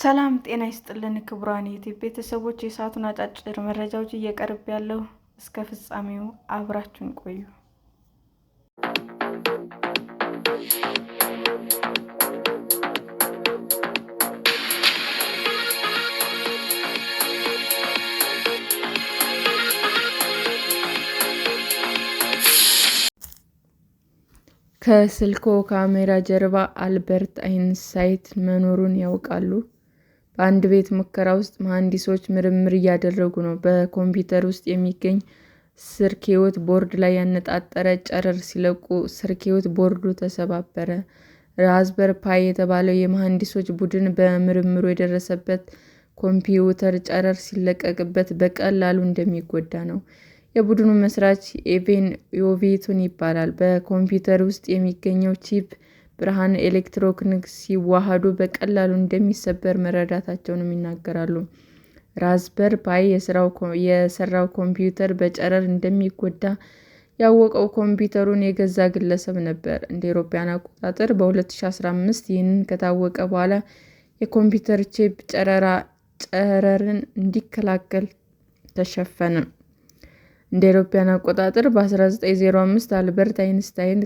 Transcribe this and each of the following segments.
ሰላም ጤና ይስጥልን ክቡራን ዩቲዩብ ቤተሰቦች፣ የሰዓቱን አጫጭር መረጃዎች እየቀርብ ያለው እስከ ፍጻሜው አብራችን ቆዩ። ከስልክዎ ካሜራ ጀርባ አልበርት አይንሳይት መኖሩን ያውቃሉ? በአንድ ቤት ሙከራ ውስጥ መሐንዲሶች ምርምር እያደረጉ ነው። በኮምፒውተር ውስጥ የሚገኝ ሰርኪዩት ቦርድ ላይ ያነጣጠረ ጨረር ሲለቁ ሰርኪዩት ቦርዱ ተሰባበረ። ራዝበር ፓይ የተባለው የመሐንዲሶች ቡድን በምርምሩ የደረሰበት ኮምፒውተር ጨረር ሲለቀቅበት በቀላሉ እንደሚጎዳ ነው። የቡድኑ መስራች ኤቬን ዮቬቱን ይባላል። በኮምፒውተር ውስጥ የሚገኘው ቺፕ ብርሃን ኤሌክትሮኒክስ ሲዋሃዱ በቀላሉ እንደሚሰበር መረዳታቸውንም ይናገራሉ። ራዝበር ፓይ የሰራው ኮምፒውተር በጨረር እንደሚጎዳ ያወቀው ኮምፒውተሩን የገዛ ግለሰብ ነበር። እንደ አውሮፓውያን አቆጣጠር በ2015 ይህንን ከታወቀ በኋላ የኮምፒውተር ቺፕ ጨረርን እንዲከላከል ተሸፈነ። እንደ አውሮፓውያን አቆጣጠር በ1905 አልበርት አይንስታይን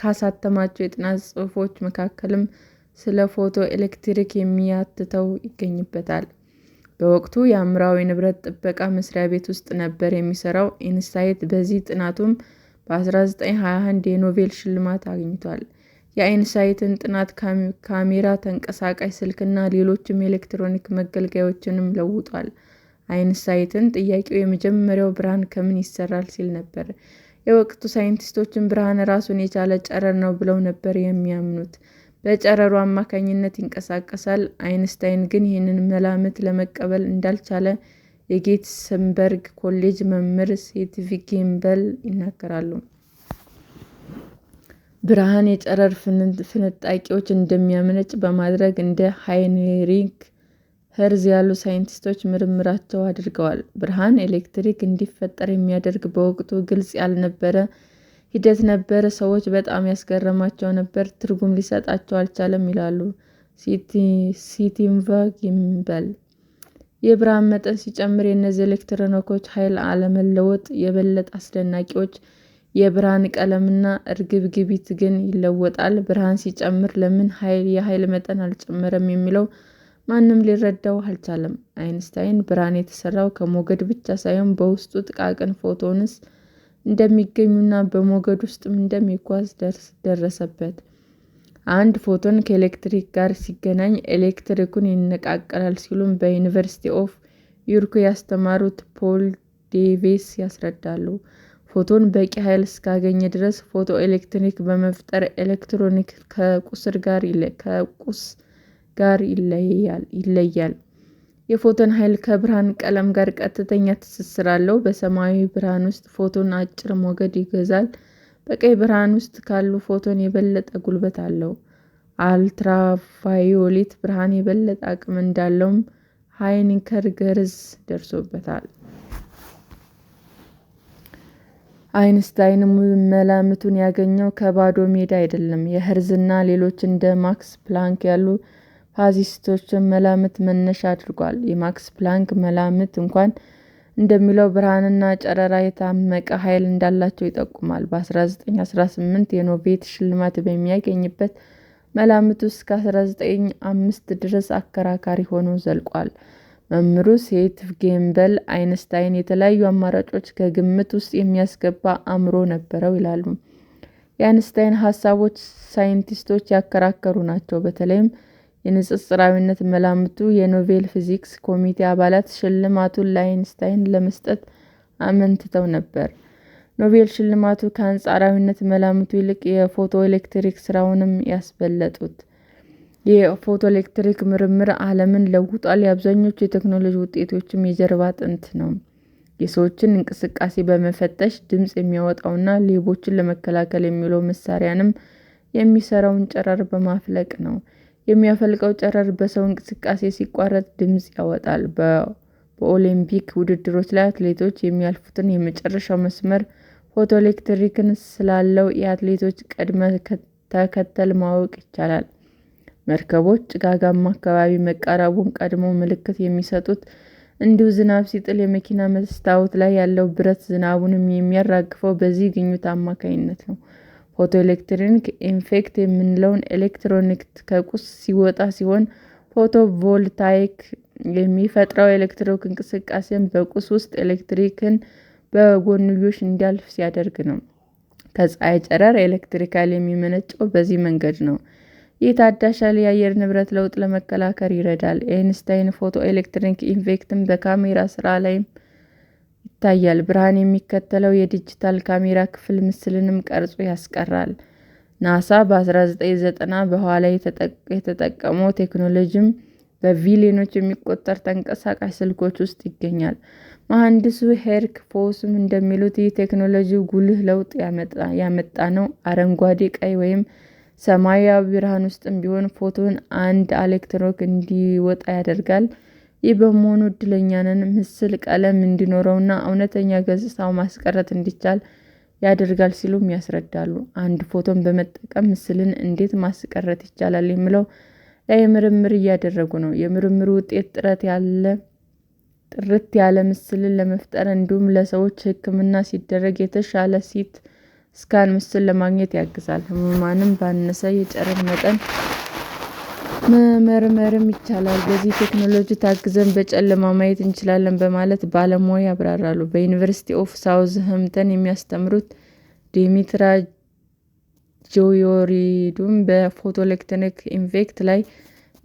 ካሳተማቸው የጥናት ጽሑፎች መካከልም ስለ ፎቶ ኤሌክትሪክ የሚያትተው ይገኝበታል። በወቅቱ የሐምራዊ ንብረት ጥበቃ መስሪያ ቤት ውስጥ ነበር የሚሰራው አይንስታይን በዚህ ጥናቱም በ1921 የኖቤል ሽልማት አግኝቷል። የአይንስታይን ጥናት ካሜራ፣ ተንቀሳቃሽ ስልክና ሌሎችም ኤሌክትሮኒክ መገልገያዎችንም ለውጧል። አይንስታይን ጥያቄው የመጀመሪያው ብርሃን ከምን ይሰራል ሲል ነበር። የወቅቱ ሳይንቲስቶችም ብርሃን ራሱን የቻለ ጨረር ነው ብለው ነበር የሚያምኑት። በጨረሩ አማካኝነት ይንቀሳቀሳል። አይንስታይን ግን ይህንን መላምት ለመቀበል እንዳልቻለ የጌትሰንበርግ ኮሌጅ መምህር ሴትቪጌንበል ይናገራሉ። ብርሃን የጨረር ፍንጣቂዎች እንደሚያመነጭ በማድረግ እንደ ሃይንሪክ ሄርዝ ያሉ ሳይንቲስቶች ምርምራቸው አድርገዋል። ብርሃን ኤሌክትሪክ እንዲፈጠር የሚያደርግ በወቅቱ ግልጽ ያልነበረ ሂደት ነበር። ሰዎች በጣም ያስገርማቸው ነበር፣ ትርጉም ሊሰጣቸው አልቻለም ይላሉ ስቲቭ ጊምበል። የብርሃን መጠን ሲጨምር የእነዚህ ኤሌክትሮኖች ኃይል አለመለወጥ የበለጠ አስደናቂዎች። የብርሃን ቀለምና ግቢት ግን ይለወጣል። ብርሃን ሲጨምር ለምን የኃይል መጠን አልጨመረም የሚለው ማንም ሊረዳው አልቻለም። አይንስታይን ብርሃን የተሰራው ከሞገድ ብቻ ሳይሆን በውስጡ ጥቃቅን ፎቶንስ እንደሚገኙና በሞገድ ውስጥም እንደሚጓዝ ደረሰበት። አንድ ፎቶን ከኤሌክትሪክ ጋር ሲገናኝ ኤሌክትሪኩን ይነቃቀላል ሲሉም በዩኒቨርሲቲ ኦፍ ዮርክ ያስተማሩት ፖል ዴቬስ ያስረዳሉ። ፎቶን በቂ ኃይል እስካገኘ ድረስ ፎቶ ኤሌክትሪክ በመፍጠር ኤሌክትሮኒክ ከቁስር ጋር ጋር ይለያል የፎቶን ኃይል ከብርሃን ቀለም ጋር ቀጥተኛ ትስስር አለው። በሰማያዊ ብርሃን ውስጥ ፎቶን አጭር ሞገድ ይገዛል። በቀይ ብርሃን ውስጥ ካሉ ፎቶን የበለጠ ጉልበት አለው። አልትራቫዮሌት ብርሃን የበለጠ አቅም እንዳለውም ገርዝ ደርሶበታል። አይንስታይን መላምቱን ያገኘው ከባዶ ሜዳ አይደለም። የኸርዝ እና ሌሎች እንደ ማክስ ፕላንክ ያሉ ፋዚስቶችን መላምት መነሻ አድርጓል። የማክስ ፕላንክ መላምት እንኳን እንደሚለው ብርሃንና ጨረራ የታመቀ ኃይል እንዳላቸው ይጠቁማል። በ1918 የኖቤት ሽልማት በሚያገኝበት ውስጥ እስከ 195 ድረስ አከራካሪ ሆኖ ዘልቋል። መምህሩ ሴት ጌምበል አይንስታይን የተለያዩ አማራጮች ከግምት ውስጥ የሚያስገባ አእምሮ ነበረው ይላሉ። የአይንስታይን ሀሳቦች ሳይንቲስቶች ያከራከሩ ናቸው። በተለይም የንጽጽራዊነት መላምቱ የኖቤል ፊዚክስ ኮሚቴ አባላት ሽልማቱን ለአይንስታይን ለመስጠት አመንትተው ነበር። ኖቤል ሽልማቱ ከአንጻራዊነት መላምቱ ይልቅ የፎቶኤሌክትሪክ ስራውንም ያስበለጡት። የፎቶኤሌክትሪክ ምርምር ዓለምን ለውጧል። የአብዛኞቹ የቴክኖሎጂ ውጤቶችም የጀርባ አጥንት ነው። የሰዎችን እንቅስቃሴ በመፈተሽ ድምፅ የሚያወጣውና ሌቦችን ለመከላከል የሚውለው መሳሪያንም የሚሰራውን ጨረር በማፍለቅ ነው። የሚያፈልቀው ጨረር በሰው እንቅስቃሴ ሲቋረጥ ድምፅ ያወጣል። በኦሊምፒክ ውድድሮች ላይ አትሌቶች የሚያልፉትን የመጨረሻው መስመር ፎቶኤሌክትሪክን ስላለው የአትሌቶች ቅደም ተከተል ማወቅ ይቻላል። መርከቦች ጭጋጋማ አካባቢ መቃረቡን ቀድሞ ምልክት የሚሰጡት እንዲሁ ዝናብ ሲጥል የመኪና መስታወት ላይ ያለው ብረት ዝናቡን የሚያራግፈው በዚህ ግኝት አማካኝነት ነው። ፎቶኤሌክትሪክ ኢንፌክት የምንለውን ኤሌክትሮኒክ ከቁስ ሲወጣ ሲሆን ፎቶቮልታይክ የሚፈጥረው ኤሌክትሪክ እንቅስቃሴን በቁስ ውስጥ ኤሌክትሪክን በጎንዮሽ እንዲያልፍ ሲያደርግ ነው። ከፀሐይ ጨረር ኤሌክትሪካል የሚመነጨው በዚህ መንገድ ነው። ይህ ታዳሽ ኃይል የአየር ንብረት ለውጥ ለመከላከል ይረዳል። አይንስታይን ፎቶ ኤሌክትሪክ ኢንፌክትን በካሜራ ስራ ላይም ይታያል። ብርሃን የሚከተለው የዲጂታል ካሜራ ክፍል ምስልንም ቀርጾ ያስቀራል። ናሳ በ1990 በኋላ የተጠቀመው ቴክኖሎጂም በቢሊዮኖች የሚቆጠር ተንቀሳቃሽ ስልኮች ውስጥ ይገኛል። መሐንዲሱ ሄርክ ፎስም እንደሚሉት ይህ ቴክኖሎጂ ጉልህ ለውጥ ያመጣ ነው። አረንጓዴ፣ ቀይ ወይም ሰማያዊ ብርሃን ውስጥም ቢሆን ፎቶን አንድ ኤሌክትሮን እንዲወጣ ያደርጋል። ይህ በመሆኑ እድለኛ ነን ምስል ቀለም እንዲኖረውና እውነተኛ ገጽታው ማስቀረት እንዲቻል ያደርጋል ሲሉም ያስረዳሉ። አንድ ፎቶን በመጠቀም ምስልን እንዴት ማስቀረት ይቻላል የሚለው ላይ ምርምር እያደረጉ ነው። የምርምሩ ውጤት ጥርት ያለ ምስልን ለመፍጠር እንዲሁም ለሰዎች ሕክምና ሲደረግ የተሻለ ሲት ስካን ምስል ለማግኘት ያግዛል። ህሙማንም ባነሰ የጨረር መጠን መመርመርም ይቻላል። በዚህ ቴክኖሎጂ ታግዘን በጨለማ ማየት እንችላለን በማለት ባለሙያ ያብራራሉ። በዩኒቨርሲቲ ኦፍ ሳውዝ ህምተን የሚያስተምሩት ዲሚትራ ጆዮሪዱም በፎቶኤሌክትሪክ ኢፌክት ላይ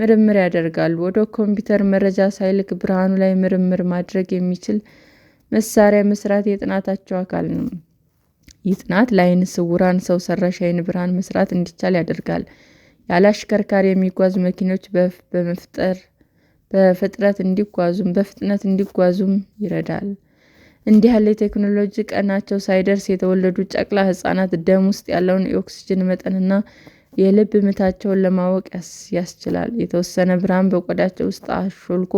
ምርምር ያደርጋሉ። ወደ ኮምፒውተር መረጃ ሳይልክ ብርሃኑ ላይ ምርምር ማድረግ የሚችል መሳሪያ መስራት የጥናታቸው አካል ነው። ይህ ጥናት ለዓይነ ስውራን ሰው ሰራሽ አይን ብርሃን መስራት እንዲቻል ያደርጋል። ያለ አሽከርካሪ የሚጓዙ መኪኖች በመፍጠር በፍጥረት እንዲጓዙም በፍጥነት እንዲጓዙም ይረዳል። እንዲህ ያለ የቴክኖሎጂ ቀናቸው ሳይደርስ የተወለዱ ጨቅላ ህጻናት ደም ውስጥ ያለውን የኦክስጅን መጠንና የልብ ምታቸውን ለማወቅ ያስችላል። የተወሰነ ብርሃን በቆዳቸው ውስጥ አሾልኮ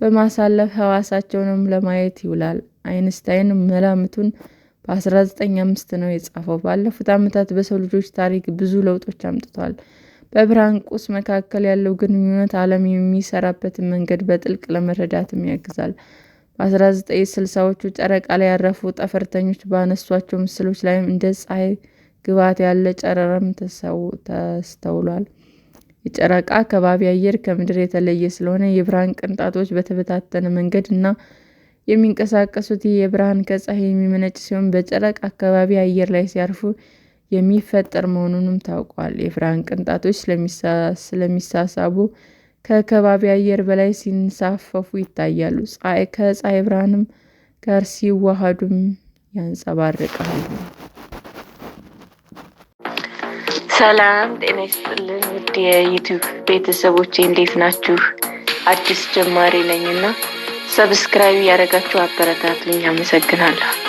በማሳለፍ ሕዋሳቸውንም ለማየት ይውላል። አይንስታይን መላምቱን በ1905 ነው የጻፈው። ባለፉት ዓመታት በሰው ልጆች ታሪክ ብዙ ለውጦች አምጥቷል። በብርሃን ቁስ መካከል ያለው ግንኙነት ዓለም የሚሰራበትን መንገድ በጥልቅ ለመረዳትም ያግዛል። በ1960ዎቹ ጨረቃ ላይ ያረፉ ጠፈርተኞች ባነሷቸው ምስሎች ላይም እንደ ፀሐይ ግባት ያለ ጨረርም ተስተውሏል። የጨረቃ ከባቢ አየር ከምድር የተለየ ስለሆነ የብርሃን ቅንጣቶች በተበታተነ መንገድ እና የሚንቀሳቀሱት ይህ የብርሃን ከፀሐይ የሚመነጭ ሲሆን በጨረቃ አካባቢ አየር ላይ ሲያርፉ የሚፈጠር መሆኑንም ታውቋል። የብርሃን ቅንጣቶች ስለሚሳሳቡ ከከባቢ አየር በላይ ሲንሳፈፉ ይታያሉ። ፀሐይ ከፀሐይ ብርሃንም ጋር ሲዋሃዱም ያንጸባርቃሉ። ሰላም ጤና ይስጥልን ውድ የዩቲዩብ ቤተሰቦቼ እንዴት ናችሁ? አዲስ ጀማሪ ነኝና ሰብስክራይብ ያደረጋችሁ አበረታቱኝ። አመሰግናለሁ።